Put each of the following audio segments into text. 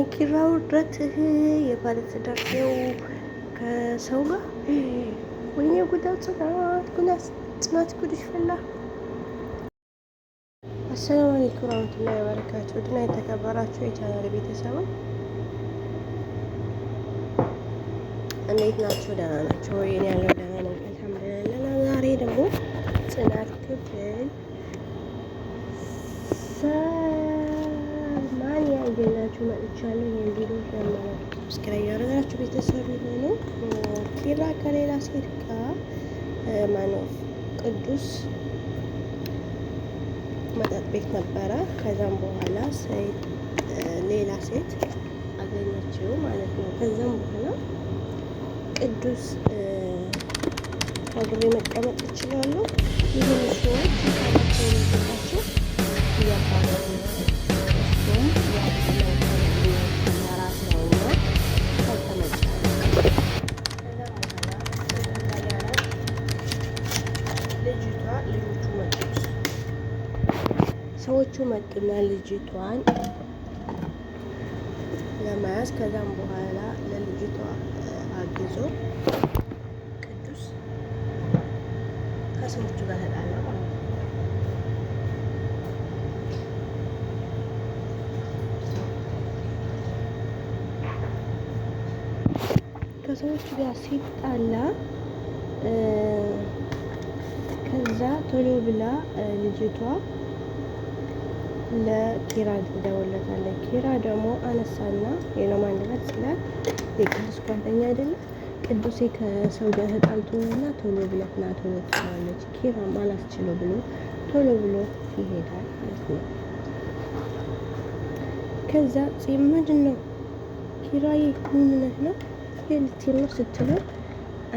የኪራ ውድረት የባለትዳር ሰው ከሰው ጋር ወይኔ ጉዳው ጽናት ጉዳት ጽናት ጉድሽ ፈላ። አሰላሙ አለይኩም ወራህመቱላሂ ወበረካቱ ድና የተከበራችሁ የቻናል ቤተሰብ እንዴት ናችሁ? ደህና ናችሁ? ወይኔ ያለው ደህና ነኝ አልሐምዱሊላህ። ዛሬ ደግሞ ጽናት ክፍል መጥቻለሁ። ይህን ቪዲዮ ለማለት ሰብስክራይብ ያደረጋችሁ ቤተሰብ የሆኑ ኪራ ከሌላ ሴት ጋር ማነው ቅዱስ መጠጥ ቤት ነበረ። ከዛም በኋላ ሌላ ሴት አገኘችው ማለት ነው። ከዛም በኋላ ቅዱስ አብሬ መቀመጥ እችላለሁ ይህን ሰዎች ካላቸው ነው እና ልጅቷን ለመያዝ ከዛም በኋላ ለልጅቷ አግዞ ቅዱስ ከሰዎቹ ጋር ተጣላ። ከሰዎቹ ጋር ሲጣላ ከዛ ቶሎ ብላ ልጅቷ ለኪራ ትደውልለታለች። ኪራ ደግሞ አነሳና የኖላን ንብረት ስላል የቅዱስ ጓደኛ አይደለ ቅዱሴ ከሰው ጋር ተጣልቶ እና ቶሎ ብለት ና ቶሎ ትለዋለች። ኪራም አላስችለው ብሎ ቶሎ ብሎ ይሄዳል ማለት ነው። ከዛ ጽ ምንድን ነው ኪራዬ ምንነት ነው የልትል ነው ስትለው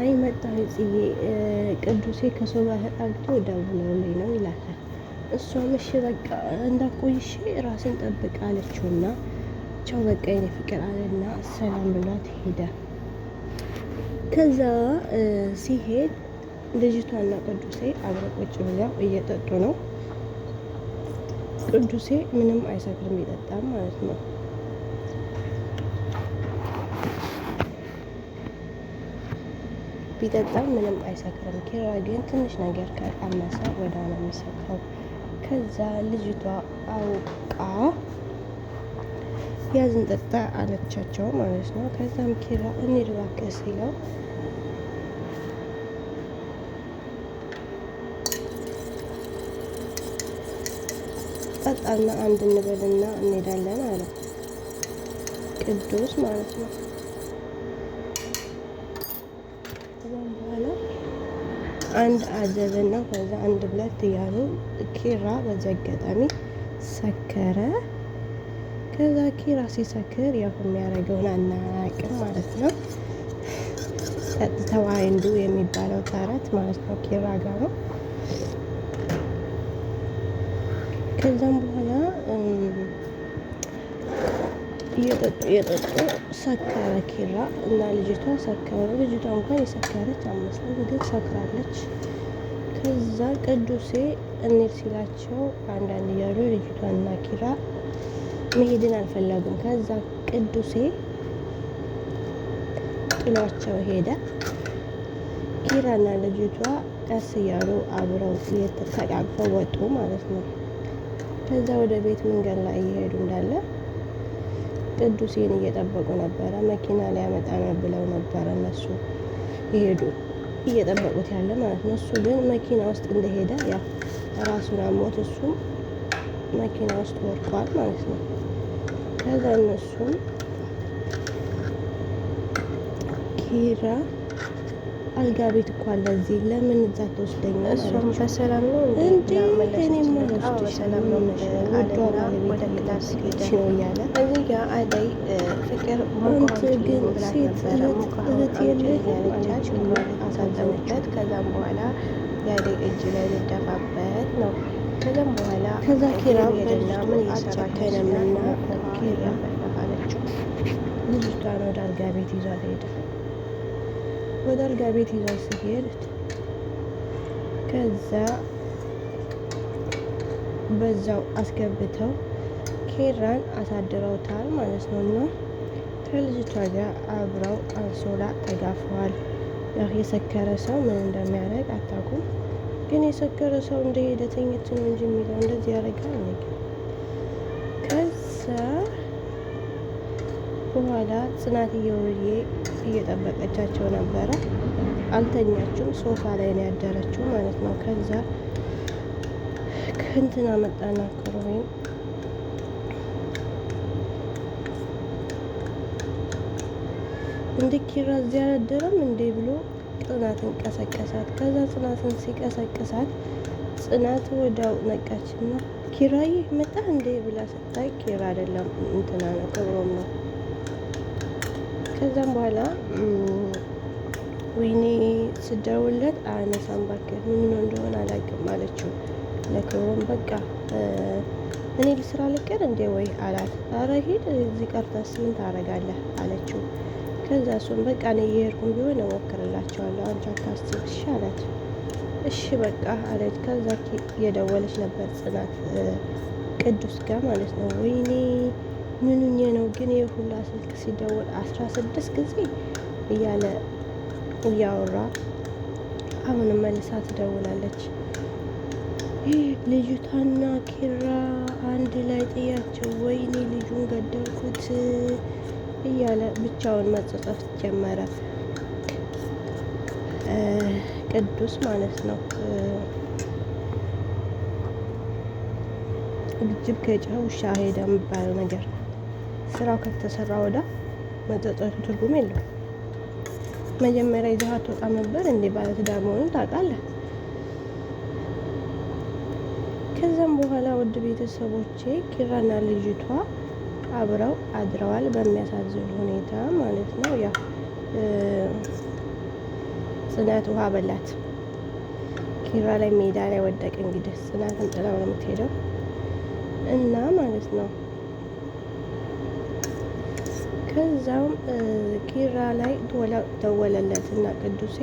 አይ መጣሁ ጽዬ ቅዱሴ ከሰው ጋር ተጣልቶ ደውለውልኝ ነው ይላታል። እሷ እሺ በቃ እንዳቆይሽ ራስን ጠብቅ አለችው አለችውና ቻው በቃ የኔ ፍቅር አለና ሰላም ብሏት ሄደ። ከዛ ሲሄድ ልጅቷና ቅዱሴ አብረው ቁጭ ብለው እየጠጡ ነው። ቅዱሴ ምንም አይሰክርም ይጠጣም ማለት ነው። ቢጠጣም ምንም አይሰክርም። ኪራ ግን ትንሽ ነገር ከቀመሰ ወደ ሆነ የሚሰክረው ከዛ ልጅቷ አውቃ ያዝን ጠጣ አለቻቸው ማለት ነው። ከዛም ኪራ እንሂድ ሲለው ጠጣና አንድ እንበልና እንሄዳለን አለ ቅዱስ ማለት ነው። አንድ አጀብና ከዛ አንድ ሁለት እያሉ ኪራ በዚህ አጋጣሚ ሰከረ። ከዛ ኪራ ሲሰክር ያው የሚያደርገውን አናቅም ማለት ነው። ጠጥተው አይንዱ የሚባለው ተረት ማለት ነው። ኪራ ጋር ነው። ከዛም በኋላ እየጠጡ እየጠጡ ሰከረ ኪራ እና ልጅቷ ሰከረ። ልጅቷ እንኳን የሰከረች አልመስለም፣ ግን ሰክራለች። ከዛ ቅዱሴ እንሂድ ሲላቸው አንዳንድ እያሉ ልጅቷ እና ኪራ መሄድን አልፈለጉም። ከዛ ቅዱሴ ጥሏቸው ሄደ። ኪራና ልጅቷ ቀስ እያሉ አብረው ተቃቅፈው ወጡ ማለት ነው። ከዛ ወደ ቤት መንገድ ላይ እየሄዱ እንዳለ ቅዱሴን እየጠበቁ ነበረ። መኪና ሊያመጣ ነው ብለው ነበረ እነሱ ይሄዱ እየጠበቁት ያለ ማለት ነው። እሱ ግን መኪና ውስጥ እንደሄደ ያው ራሱን አሞት እሱ መኪና ውስጥ ወድቋል ማለት ነው። ከዛ እነሱም ኪራ አልጋ ቤት እኮ አለ እዚህ ለምን እዛ ተወስደኛ? እሷም በሰላም ነው እንዴ እኔ ምን ወስደሽ ነው እያለ አደይ ፍቅር ግን ሴት እህት የለች አሳዘነቻት። ከዛም በኋላ የአደይ እጅ ላይ ልደፋበት ነው። ከዛም በኋላ ከዛ ኪራ ምን አጨከነምና ኪራ አለችው። ልጅቷን ወደ አልጋ ቤት ይዟ ሄደ። ወደ አልጋ ቤት ይዟ ሲሄድ ከዛ በዛው አስገብተው ኬራን አሳድረውታል ማለት ነው እና ከልጅቷ ጋር አብረው አንሶላ ተጋፈዋል። ያው የሰከረ ሰው ምን እንደሚያደርግ አታውቁም፣ ግን የሰከረ ሰው እንደሄደ ተኝቶ ነው እንጂ የሚለው እንደዚህ ያደርጋል። ከዛ በኋላ ጽናት ውዬ እየጠበቀቻቸው ነበረ። አልተኛችም፣ ሶፋ ላይ ነው ያደረችው ማለት ነው። ከዛ ከእንትና መጣና ክሮሜን እንደ ኪራ እዚህ አላደረም እንዴ ብሎ ጽናትን ቀሰቀሳት። ከዛ ጽናትን ሲቀሰቅሳት ጽናት ወዳው ነቃችና ኪራዬ መጣ እንዴ ብላ ስታይ ኪራ አይደለም እንትና ነው ክብሮም ነው። ከዛም በኋላ ወይኔ ስደውለት አነሳም እባክህ ምን ነው እንደሆነ አላውቅም አለችው ለክብሮም። በቃ እኔ ልስራ ልቀር እንዴ ወይ አላት። አረ ሂድ እዚህ ቀርተስ ምን ታረጋለህ አለችው። ከዛ እሱም በቃ እኔ እየሄድኩም ቢሆን እሞክርላቸዋለሁ አንቺ እሺ አላት። እሺ በቃ አለች። ከዛ የደወለች ነበር ጽናት ቅዱስ ጋር ማለት ነው። ወይኔ ምኑኜ ነው ግን የሁላ ስልክ ሲደወል አስራ ስድስት ጊዜ እያለ እያወራ አሁንም መልሳ ትደውላለች። ልጅቷና ኪራ አንድ ላይ ጥያቸው። ወይኔ ልጁን ገደልኩት እያለ ብቻውን መጸጸት ጀመረ። ቅዱስ ማለት ነው። ጅብ ከጨው ውሻ ሄደ የሚባለው ነገር ስራው ከተሰራ ወዳ መጸጸቱ ትርጉም የለውም። መጀመሪያ ይዘህ አትወጣም ነበር እንዴ? ባለትዳር መሆኑን ታውቃለህ። ከዛም በኋላ ውድ ቤተሰቦቼ ኪራና ልጅቷ አብረው አድረዋል። በሚያሳዝን ሁኔታ ማለት ነው። ያ ጽናት ውሃ በላት። ኪራ ላይ ሜዳ ላይ ወደቅ። እንግዲህ ጽናትን ጥላው ነው የምትሄደው እና ማለት ነው ከዛውም ኪራ ላይ ደወለለት እና ቅዱሴ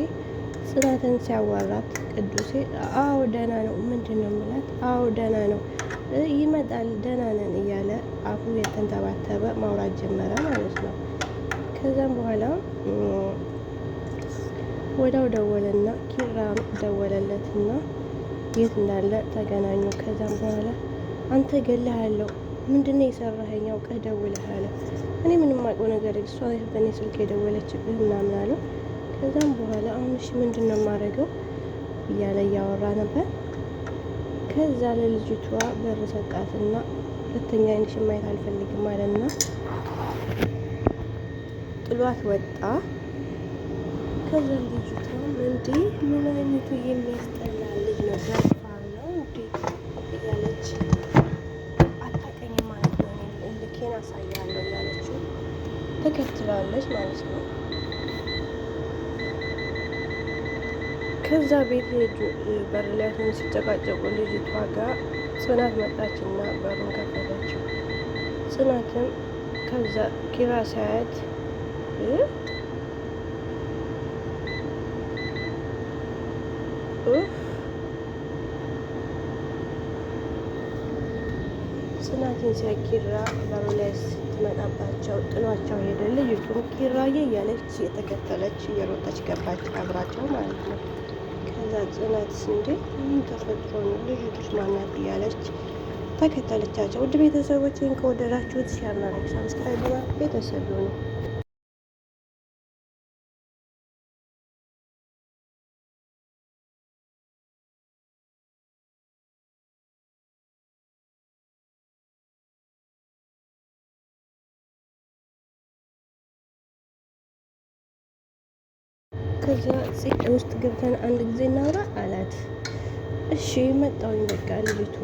ጽናትን ሲያዋራት ቅዱሴ አዎ ደህና ነው ምንድን ነው የምላት አዎ ደህና ነው ይመጣል ደህና ነን እያለ አፉ የተንተባተበ ማውራት ጀመረ ማለት ነው። ከዛም በኋላ ወዳው ደወለና ኪራም ደወለለትና የት እንዳለ ተገናኙ። ከዛም በኋላ አንተ ገለሃለሁ ምንድን ነው የሰራኸኝ? አውቀህ ደውለህ አለ። እኔ ምንም አውቀው ነገር እሷ በእኔ ስልክ የደወለችብህ ምናምን አለው። ከዛም በኋላ አሁን እሺ ምንድነው የማደርገው እያለ እያወራ ነበር። ከዛ ለልጅቷ በር ሰቃትና ሁለተኛ ዓይንሽን ማየት አልፈልግም አለና ጥሏት ወጣ። ከዛ ልጅቷ እንዴ ምን አይነቱ የሚያስጠላ ልጅ ነው ዘርፋ ነው እንዴ እያለች አታቀኝ ማለት ነው፣ ልኬን አሳያለሁ እያለችው ተከትላለች ማለት ነው። ከዛ ቤት ሄዱ። በር ላይ ሆነው ሲጨቃጨቁ ልጅቷ ጋር ጽናት መጣች እና በሩን ከፈተችው። ጽናትም ከዛ ኪራ ሳያት ጽናትን ሲያ ኪራ በሩ ላይ ስትመጣባቸው ጥሏቸው ሄደ። ልጅቱም ኪራዬ እያለች የተከተለች እየሮጠች ገባች አብራቸው ማለት ነው። ከዛ ጽናት እንዴ ምን ተፈጥሮ ነው ልጅቱስ ማናት እያለች ተከተለቻቸው። ውድ ቤተሰቦች ከወደዳችሁት ሻርና ሰብስክራይብ ቤተሰብ ነው ከዛ ውስጥ ገብተን አንድ ጊዜ እናውራ አላት። እሺ መጣውኝ በቃ ልጅቱ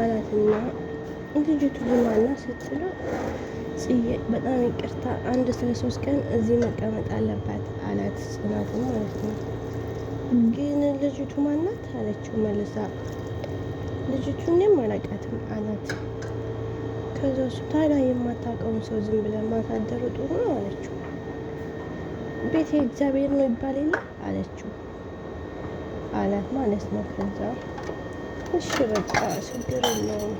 አላትና ልጅቱ ዝማና ስትለው ጽዬ በጣም ይቅርታ አንድ ስለ ሶስት ቀን እዚህ መቀመጥ አለባት አላት። ጽናት ማለት ነው። ግን ልጅቱ ማናት አለችው መልሳ። ልጅቱ እኔም አላውቃትም አላት። ከዛ እሱ ታዲያ የማታውቀውን ሰው ዝም ብለን ማሳደሩ ጥሩ ነው አለችው። ቤቴ እግዚአብሔር ነው ይባል የለ አለችው አላት ማለት ነው። ከዛ እሺ በቃ ችግር የለውም